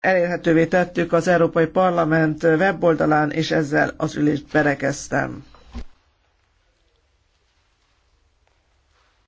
elérhetővé tettük az Európai Parlament weboldalán, és ezzel az ülést berekeztem.